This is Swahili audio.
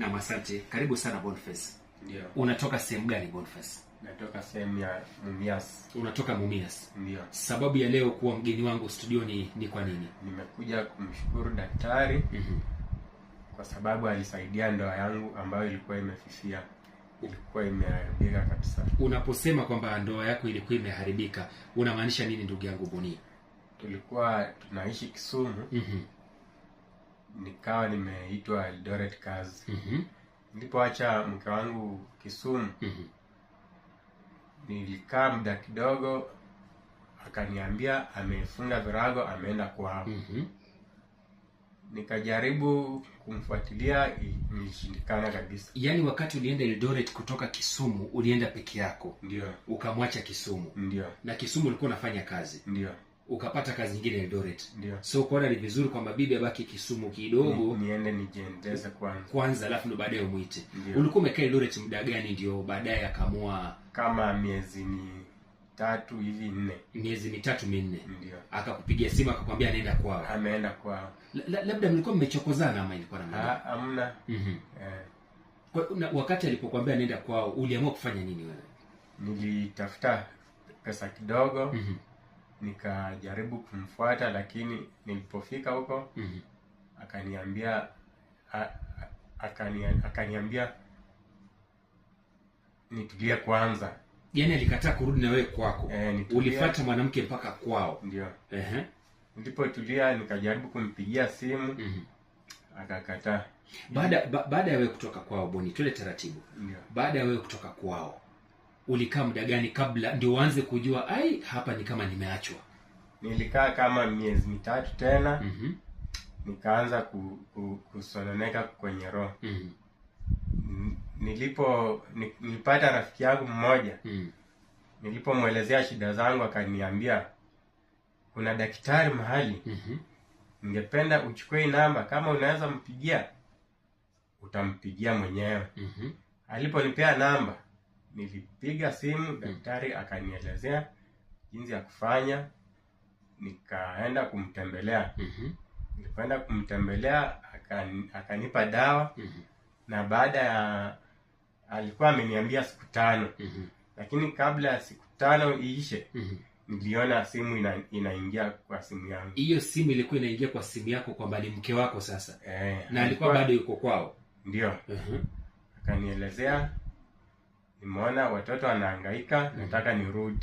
na Masate. Karibu sana Boniface. yeah. Unatoka sehemu gani Boniface? Natoka sehemu ya Mumias. Unatoka Mumias? Ndio. Sababu ya leo kuwa mgeni wangu studio ni, ni kwa nini? Nimekuja kumshukuru daktari mm -hmm. kwa sababu alisaidia ndoa yangu ambayo ilikuwa imefifia ilikuwa imeharibika kabisa. Unaposema kwamba ndoa yako ilikuwa imeharibika, unamaanisha nini ndugu yangu Boni? Tulikuwa tunaishi Kisumu. mm -hmm nikawa nimeitwa Eldoret Kazi. mm -hmm. Nilipoacha mke wangu Kisumu, mm -hmm. nilikaa muda kidogo, akaniambia amefunga virago, ameenda kwao. mm -hmm. Nikajaribu kumfuatilia, nilishindikana kabisa. Yaani, wakati ulienda Eldoret kutoka Kisumu, ulienda peke yako? Ndio. Ukamwacha Kisumu? Ndio. Na Kisumu ulikuwa unafanya kazi? Ndio ukapata kazi nyingine Eldoret. So kuona ni vizuri kwamba bibi abaki Kisumu kidogo, ni, niende nijiendeze kwanza kwanza, alafu ndo baadaye umwite. Ulikuwa umekaa Eldoret muda gani ndio baadaye akamua Kama miezi ni tatu hivi nne, miezi mitatu minne, akakupigia simu akakwambia anaenda kwao, ameenda kwao. La, labda mlikuwa mmechokozana ama ilikuwa namna gani? Ah, hamna. mm -hmm. eh. Kwa, na, wakati alipokuambia anaenda kwao uliamua kufanya nini wewe? Nilitafuta pesa kidogo mm -hmm nikajaribu kumfuata, lakini nilipofika huko mm -hmm. akaniambia akani, akaniambia nitulie kwanza. Yani alikataa kurudi na wewe kwako? E, ulifuata mwanamke mpaka kwao? Ndio. Ehe, nilipotulia nikajaribu kumpigia simu mm -hmm. akakataa. Baada ba, baada ya wewe kutoka kwao Boni, twende taratibu. Baada ya wewe kutoka kwao ulikaa muda gani kabla ndio uanze kujua ai, hapa ni kama nimeachwa? Nilikaa kama miezi mitatu tena mm -hmm. Nikaanza ku, ku, kusononeka kwenye roho mm -hmm. Nilipo nilipata rafiki yangu mmoja mm -hmm. Nilipomwelezea shida zangu akaniambia kuna daktari mahali mm -hmm. Ningependa uchukue namba, kama unaweza mpigia utampigia mwenyewe mm -hmm. Aliponipea namba Nilipiga simu daktari akanielezea jinsi ya kufanya, nikaenda kumtembelea. Mm-hmm. Nilipoenda kumtembelea akanipa dawa. hmm Na baada ya alikuwa ameniambia siku tano. hmm Lakini kabla ya siku tano iishe, hmm niliona simu ina, inaingia kwa simu yangu. Hiyo simu ilikuwa inaingia kwa simu yako kwamba ni mke wako sasa. e, na alikuwa bado yuko kwao. Ndio. hmm Akanielezea nimeona watoto wanaangaika nataka nirudi.